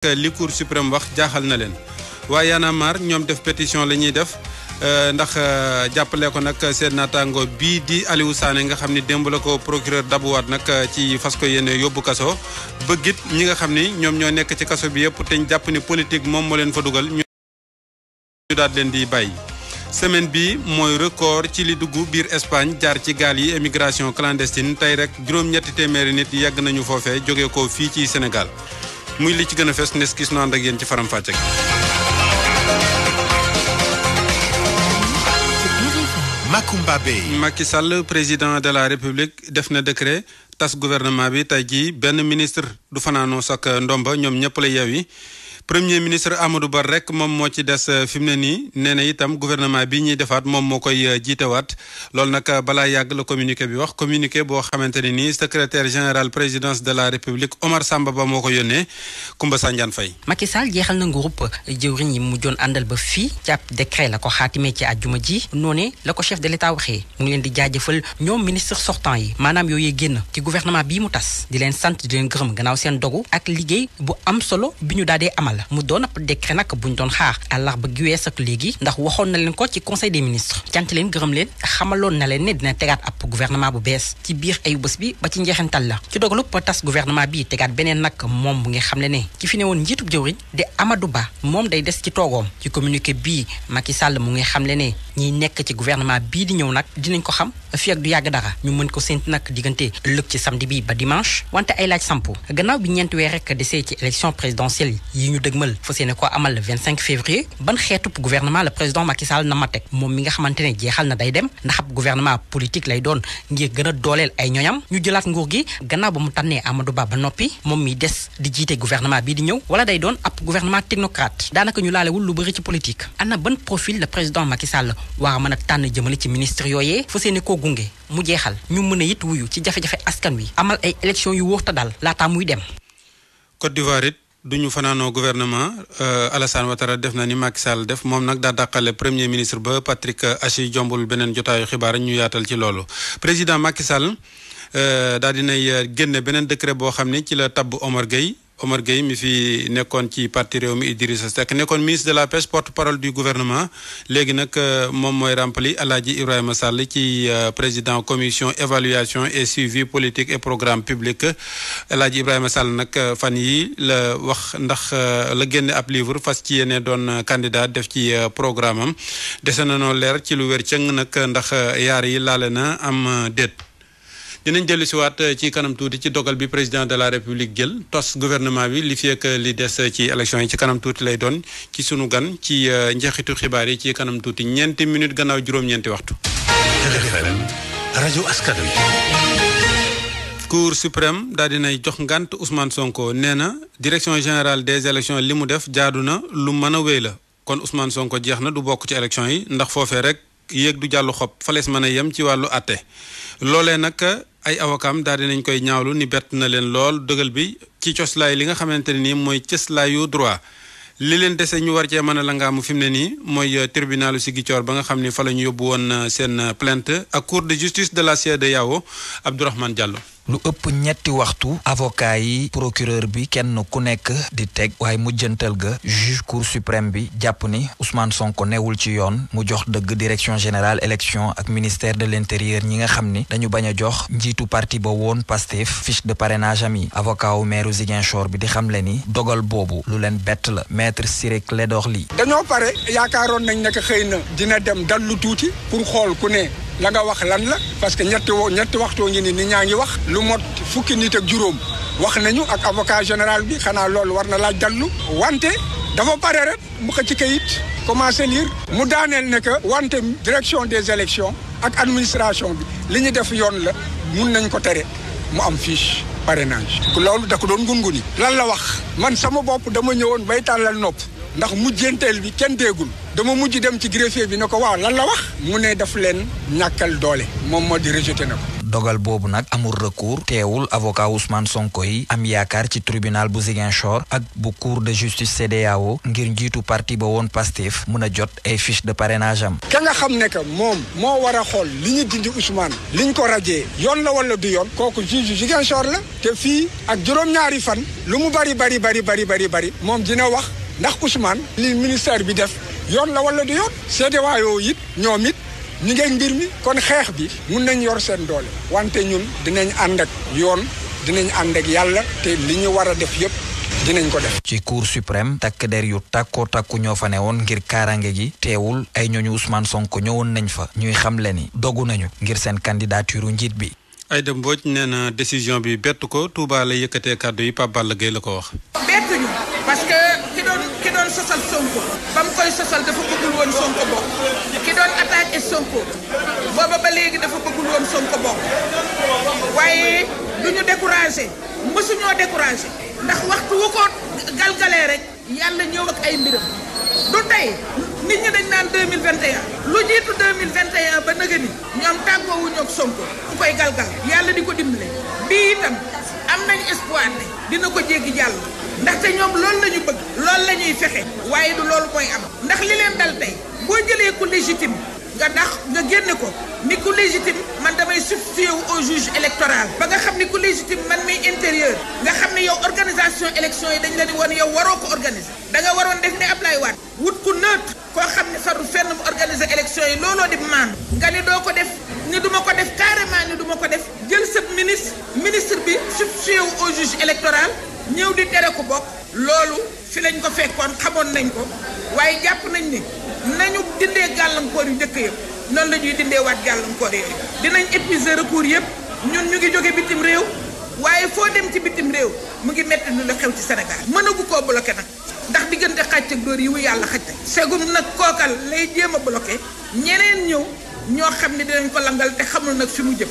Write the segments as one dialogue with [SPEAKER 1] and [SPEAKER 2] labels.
[SPEAKER 1] li cour suprême wax jaaxal na leen waaye Y'en ñoom def pétition la ñuy def euh, ndax euh, jàppale ko nag seen naataango bii di Aliou Sané nga xam ni démb la ko procureur dabuwaat nag euh, ci fas ko yéene yóbbu kaso bëgg it ñi nga xam ni ñoom ñoo nekk ci kaso bi yëpp te jàpp ni politique moom moo leen fa dugal ñu daat leen di bàyyi semaine bi mooy record ci li dugg biir Espagne jaar ci gaal yi émigration clandestine tey rek juróom téeméeri nit yegg nañu foofee jóge ko fii ci Sénégal muy li ci gën a fees nes kii sunu ànd ak yéen ci faram-fàcce Makumba Bey Macky Sall président de la République def na décret tas gouvernement bi tey jii benn ministre du fanaanoo sak ndomba ñoom ñëpp la yeew yi premier ministre Amadou Ba rek moom moo ci des euh, fi mu ne nii nee itam gouvernement bi ñuy defaat moom moo koy euh, jiitewaat loolu nag euh, balaa yàgg la communiqué bi wax communiqué boo xamante ne nii secrétaire général présidence de la république Omar Samba Ba moo ko yónnee Kumba Sanjaan Faye.
[SPEAKER 2] Macky Sall jeexal na groupe jëwriñ yi mu joon àndal ba fii ci ab décret la ko xaatimee ci àjjuma ji noonee la ko chef de l'état waxee mu ngi leen di jaajëfal ñoom ministre sortant yi maanaam yooyu génn ci gouvernement bii mu tas di leen sant di leen gërëm seen dogu ak liggéey bu am solo bi ñu daal di amal. la mu doon ab décret nag buñ doon xaar àllarba gi wees ak léegi ndax waxoon na leen ko ci conseil des ministres cant leen gërëm leen xamaloon na leen ne dina tegaat ab gouvernement bu bees ci biir ayu bés bi ba ci njeexintal la ci dogalu tas gouvernement bi tegaat beneen nag moom bu nga xam ne ne ci fi ne woon njiitub jëwriñ di Amadou Ba moom day des ci toogoom ci communiqué bii Macky sàll mu ngi xam le ne ñiy nekk ci gouvernement bii di ñëw nag dinañ ko xam fi du yàgg dara ñu mën ko sént nag diggante ëllëg ci samedi bi ba dimanche wante ay laaj samp gannaaw bi ñeenti weer rek desee ci élection présidentielle yi dëgmal fas yéene ko amal le 25 février ban xeetub gouvernement le président Macky na ma teg moom mi nga xamante ne jeexal na day dem ndax ab gouvernement politique lay doon ngir gën a dooleel ay ñoñam ñu jëlaat nguur gi gannaaw ba mu tànnee Amadou Ba ba noppi moom mi des di jiite gouvernement bii di ñëw wala day doon ab gouvernement technocrate daanaka ñu laalewul lu bëri ci politique ana ban profil le président Macky Sall war a mën a tànn jëmale ci ministre yooyee fas yéene koo gunge mu jeexal ñu mën a it wuyu ci jafe-jafe askan wi amal ay élection yu wóor te daal muy dem
[SPEAKER 1] du ñu fanaanoo gouvernement euh, Alassane Ouattara def na ni Macky Sall def moom nag daa dàqale premier ministre ba Patrick Achi jombul beneen jotaayu xibaar ñu yaatal ci loolu président Macky Sall euh, daal dinay euh, génne beneen décret boo xam ne ci la tabb Omar Gueye Omar Gueye mi fi nekkoon ci parti réew mi Idrissa Seck nekkoon ministre de la pêche porte parole du gouvernement léegi nag euh, moom mooy rempli Alaaji Ibrahima Sall ci euh, président commission évaluation et suivi politique et programme public Alaaji Ibrahima Sall nag euh, fan yi la wax ndax la génne ab livre fas ci yéene doon candidat def ci programme am dese na noo leer ci lu wér cëng nag ndax yaar yi laale na am déet dinañ dellu siwaat euh, ci kanam tuuti ci dogal bi président de la république jël tos gouvernement bi li fi ak euh, li des euh, ci élection yi ci kanam tuuti lay doon ci sunu gan ci njeexitu xibaar yi ci kanam tuuti ñeenti minute gannaaw juróom-ñeenti waxtu. rajo askan wi. cour jox ngant Ousmane Sonko nee na direction générale des élections li mu def jaadu na lu mën a wéy la kon Ousmane Sonko jeex na du bokk ci élection yi ndax foofee rek. yéeg du jàllu xob falees mën a yem ci wàllu àtte loolee nag ay awakam daal dinañ koy ñaawlu ni bett na leen lool dëgal bi ci coslaay li nga xamante ne nii mooy cëslaayu droit li leen dese ñu war cee mën a la ngaamu fi mu ne nii mooy euh, tribunalu Ziguinchor ba nga xam ni fa la ñu yóbbu woon euh, seen plainte ak cour de justice de la CEDEAO Abdourahmane Diallo
[SPEAKER 3] lu ëpp ñetti waxtu avocat yi procureur bi kenn ku nekk di teg waaye mujjantal ga juge cour suprême bi jàpp ni Ousmane Sonko newul ci yoon mu jox dëgg direction générale élection ak ministère de l'intérieur ñi nga xam ni dañu bañ jox njiitu parti ba woon Pastef fiche de parrainage am yi avocat wu maire Ziguinchor bi di xamle ni dogal boobu lu leen bett la maître Ciré Clédor Ly
[SPEAKER 4] dañoo pare yaakaaroon nañ nekk xëy na dina dem dallu tuuti pour xool la nga wax lan la parce que ñetti wo ñetti waxtoo ngi ni nit ñaa ngi wax lu mot fukki nit ak juróom wax nañu ak avocat général bi xanaa loolu war na laaj dallu wante dafa pare rek mu ko ci kayit commencé lire mu daaneel ne que wante direction des élections ak administration bi li ñu def yoon la mun nañ ko tere mu am fiche parrainage loolu da ko doon ngunguni lan la wax man sama bopp dama ñëwoon bay tàllal nopp ndax mujjanteel bi kenn déggul dama mujj dem ci greffier bi ne ko waaw lan la wax mu ne daf leen ñàkkal doole moom moo di rejeté na ko
[SPEAKER 3] dogal boobu nag amul recours teewul avocat Ousmane Sonko yi am yaakaar ci tribunal bu Ziguinchor ak bu cour de justice CEDEAO ngir njiitu parti ba woon Pastef mën a jot ay fiche de parrainage am
[SPEAKER 4] ka nga xam ne moom moo war a xool li ñu dindi Ousmane li ñu ko rajee yoon la wala du yoon kooku juge Ziguinchor la te fii ak juróom-ñaari fan lu mu bari bari bari bari bari bari moom dina wax ndax Ousmane li ministère bi def yoon la wala du yoon CEDEAO it ñoom it ñu ngeeg mbir mi kon xeex bi mun nañ yor seen doole wante ñun dinañ ànd ak yoon dinañ ànd ak yàlla te li ñu war a def yëpp dinañ ko def.
[SPEAKER 3] ci cour suprême takk der yu tàkkoo tàkku ñoo fa ne woon ngir kaaraange gi teewul ay ñooñu Ousmane sonk ñëwoon nañ fa ñuy xamle ni dogu nañu ngir seen candidature njiit bi.
[SPEAKER 1] Aïda Mbodj nee na décision bi bett ko Touba la yëkkatee kàddu yi Pape Balla la ko wax.
[SPEAKER 5] sosal Sonko ba mu koy sosal dafa bëggul woon Sonko bokk ki doon attaqué Sonko booba ba léegi dafa bëggul woon Sonko bokk waaye du ñu découragé mësuñoo découragé ndax waxtu wu ko galgalee rek yàlla ñëw ak ay mbiram du tey nit ñi dañ naan 2021 lu jiitu 2021 ba nëgë ni ñoom tàggoowuñu ak Sonko ku koy galgal yàlla di ko dimbale bii itam am nañ espoir ne dina ko jéggi jàll ndaxte ñoom loolu la ñu bëgg loolu la ñuy fexe waaye du loolu mooy am ndax li leen dal tey boo jëlee ku légitime nga dax nga génne ko ni ku légitime man damay substitué wu au juge électoral ba nga xam ni ku légitime man may intérieur nga xam ne yow organisation élection yi dañ la di woon yow waroo ko organiser da nga waroon def ne Ablaye Wade wut ku neutre koo xam ne farul fenn mu organiser élection yi looloo di maan nga ni doo ko def ni du ma ko def carrément ni du ko def jël sa ministre ministre bi substitué wu au juge électoral ñëw di tere ko bokk loolu fi lañ ko fekkoon xamoon nañ ko waaye jàpp nañ nañu dindee gàllankoor yu njëkk yëpp noonu la ñuy dindee waat gàllankoor yooyu dinañ épuiser recours yëpp ñun ñu ngi jóge bitim réew waaye foo dem ci bitim réew mu ngi metti lu la xew ci Sénégal mënagu koo bloqué nag ndax diggante xàcc ak dóor yàlla xaj segum nag kookal lay jéem a ñeneen ñëw ñoo xam ne dinañ ko langal te xamul nag fi mu jëm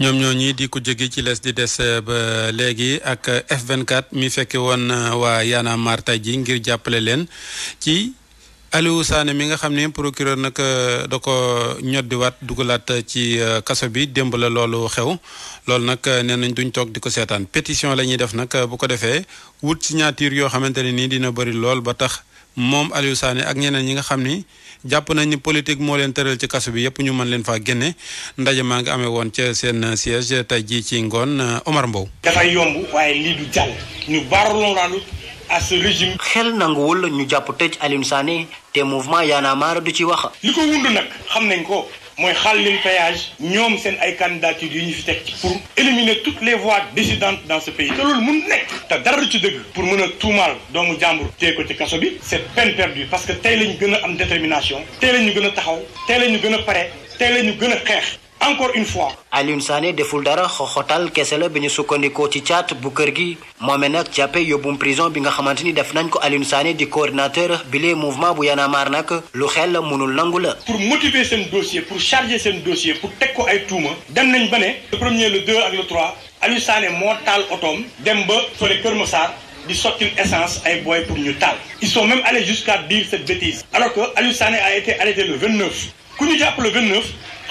[SPEAKER 1] ñoom ñoo ñii di ko jóge ci les di des euh, ba léegi ak F24 mi fekke woon euh, waa Y'en a ji ngir jàppale leen ci Aliou Sané mi nga xam ne procureur nag euh, da ko ñoddiwaat dugalaat ci euh, kaso bi démb la loolu xew loolu nag euh, neen nañ duñ toog di ko seetaan pétition la ñuy def nag bu ko defee wut signature yoo xamante ne nii dina bëri lool ba tax moom Aliou Sané ak ñeneen ñi nga xam ni jàpp nañ ni politique moo leen tëral ci kaso bi yëpp ñu mën leen faa génne ndaje maa ngi amee woon ca seen siège tey jii ci ngoon Omar Mbow.
[SPEAKER 2] à ce régime. xel nanguwul ñu jàpp tëj Alioune Sané te mouvement Y en a marre du ci wax. li ko wund nag xam nañ ko mooy xaal leen péage ñoom seen ay candidature yu ñu fi teg pour éliminer
[SPEAKER 4] toutes les voies dissidentes dans ce pays te loolu mun nekk te dara ci dëgg pour mën a tuumaal doomu jàmbur téye ko ci kaso bi c'est peine perdue parce que tey lañu gën a am détermination tey lañu gën a taxaw tey
[SPEAKER 2] lañu gën a pare tey lañu gën a xeex encore une fois. Alioune Sané deful dara xoxotal kese la bi ñu sukkandikoo ci caat bu kër gi moomee nag jàppe yóbbum prison bi nga xamante ni def nañ ko Alioune Sané di coordinateur bi lee mouvement bu Y'en a nag lu xel la mënul nangu la. pour motiver seen dossier pour charger seen dossier pour teg ko ay tuuma dem nañ ba ne. le premier le deux ak le trois
[SPEAKER 4] Alioune Sané moo taal otoom dem ba fële Kër Massar di sotti essence ay boy pour ñu taal. ils sont même allés jusqu'à dire cette bêtise. alors que Alioune Sané a été arrêté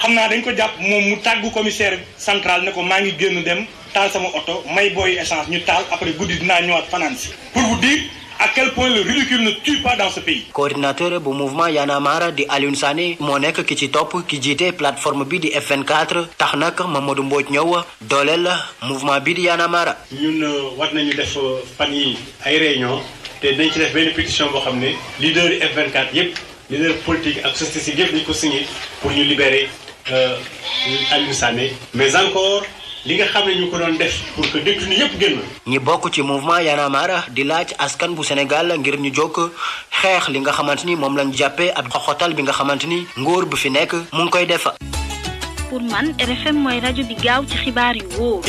[SPEAKER 4] xam naa dañ ko jàpp moom mu tàggu commissaire central ne ko maa ngi génn dem
[SPEAKER 2] taal sama oto may booy essence ñu taal après guddi dinaa ñëwaat fanaan si pour vous dire à quel point le ridicule ne tue pas dans ce pays. coordinateur bu mouvement Y'en a marre di Alioune Sané moo nekk ki ci topp ki jiite plateforme bi di F24 tax nag Mamadou mbooj ñëw dooleel mouvement bi di Y'en a marre. ñun euh, war nañu def euh, fan yi ay réunion te dañ ci def benn pétition boo xam ne leader yi F24 yëpp leader politique ak yëpp dañ ko signé pour ñu libérer. Euh, Aliou Sané mais encore li nga xam ne ñu ko doon def pour que détenu yépp génn. ñi bokk ci mouvement Y en di laaj askan bu Sénégal ngir ñu jóg xeex li nga xamante ni moom lañ jàppee at xoxotal bi nga xamante ni ngóor bu fi nekk mu ngi koy def.
[SPEAKER 3] pour man RFM mooy rajo bi gaaw ci xibaar yu wóor.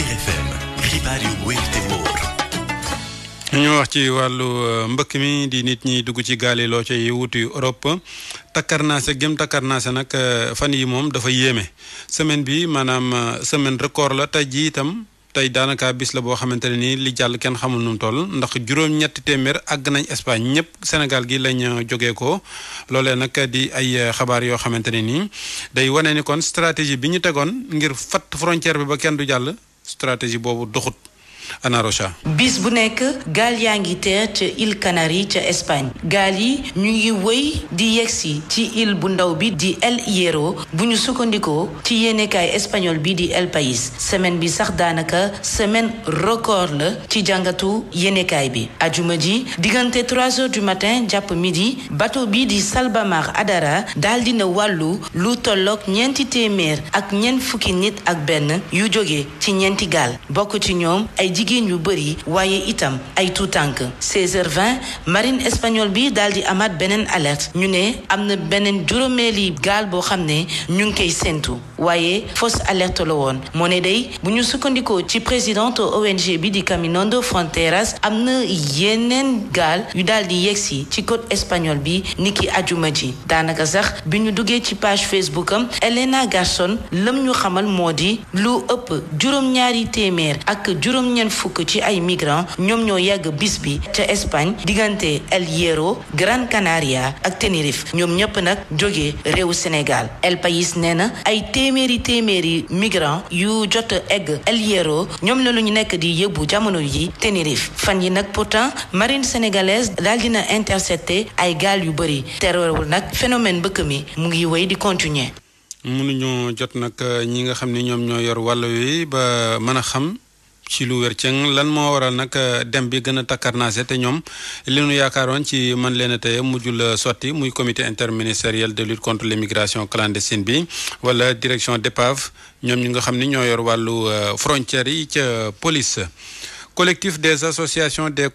[SPEAKER 1] ñu wax ci wàllu euh, mbëkk mi di nit ñi dugg ci gaal ci loo cay wuti naa takkarnaase gém naa se nag euh, fan yi moom dafa yéeme semaine bi maanaam euh, semaine record la tey ji itam tey daanaka bis la boo xamante ne nii li jàll kenn xamul nu mu toll ndax juróom-ñetti téeméer àgg nañ Espagne ñëpp Sénégal gi lañ joge ko loole nag di ay xabaar yoo xamante ne nii day wane ni kon stratégie bi ñu tegoon ngir fatt frontière bi ba kenn du jàll stratégie boobu doxut. Anna Rocha.
[SPEAKER 6] bis bu nekk gaal yaa ngi teer ca île Canaries ca Espagne gaal yi ñu ngi woy di yegsi ci île bu ndaw bi di El Hierro bu ñu sukkandikoo ci yéenekaay espagnol bi di El País semaine bi sax daanaka semaine record la ci jàngatu yéenekaay bi ajuma ji diggante trois heures du matin jàpp midi bateau bi di Salvamar Adara daal dina wàllu lu tolloog ñeenti téeméer ak ñeent fukki nit ak benn yu jóge ci ñeenti gaal bokk ci ñoom jigéen yu bëri waaye itam ay tuutànk 16 h marine espagnole bi daal di amaat beneen alerte ñu ne am na beneen juróomeeli gaal boo xam ne ñu ngi koy séentu waaye fos alerte la woon moo ne day bu ñu sukkandikoo ci présidente ONG bi di Caminando Fronteras am na yeneen gaal yu daal di yegsi ci côte espagnole bi niki ajuma ji daanaka sax bi ñu duggee ci page Facebook am Elena Garson lam ñu xamal moo di lu ëpp juróom-ñaari téeméer ak juróom-ñeent fukk ci ay migrants ñoom ñoo yàgg bis bi ca Espagne diggante El Hierro Gran Canaria ak Tenerife ñoom ñëpp nag jóge réewu Sénégal El País nee na ay téeméeri téeméeri migrants yu jot egg El Hierro ñoom la lu ñu nekk di yóbbu jamono yi Tenerife fan yi nag pourtant marine sénégalaise daal dina intercepté ay gaal yu bëri terewul nag phénomène bëkk mi mu ngi wéy di continuer
[SPEAKER 1] mënuñoo jot nag ñi nga xam ne ñoom ñoo yor walla wi ba mën a xam ci lu wér cëng lan moo waral nag euh, dem bi gën takkarnaase te ñoom li nu yaakaaroon ci man leen a teye mujjul sotti muy comité interministériel de lutte contre l'immigration clandestine bi wala direction d'épave ñoom ñu nga xam ni ñoo yor wàllu euh, frontières yi ca police collectif des associations des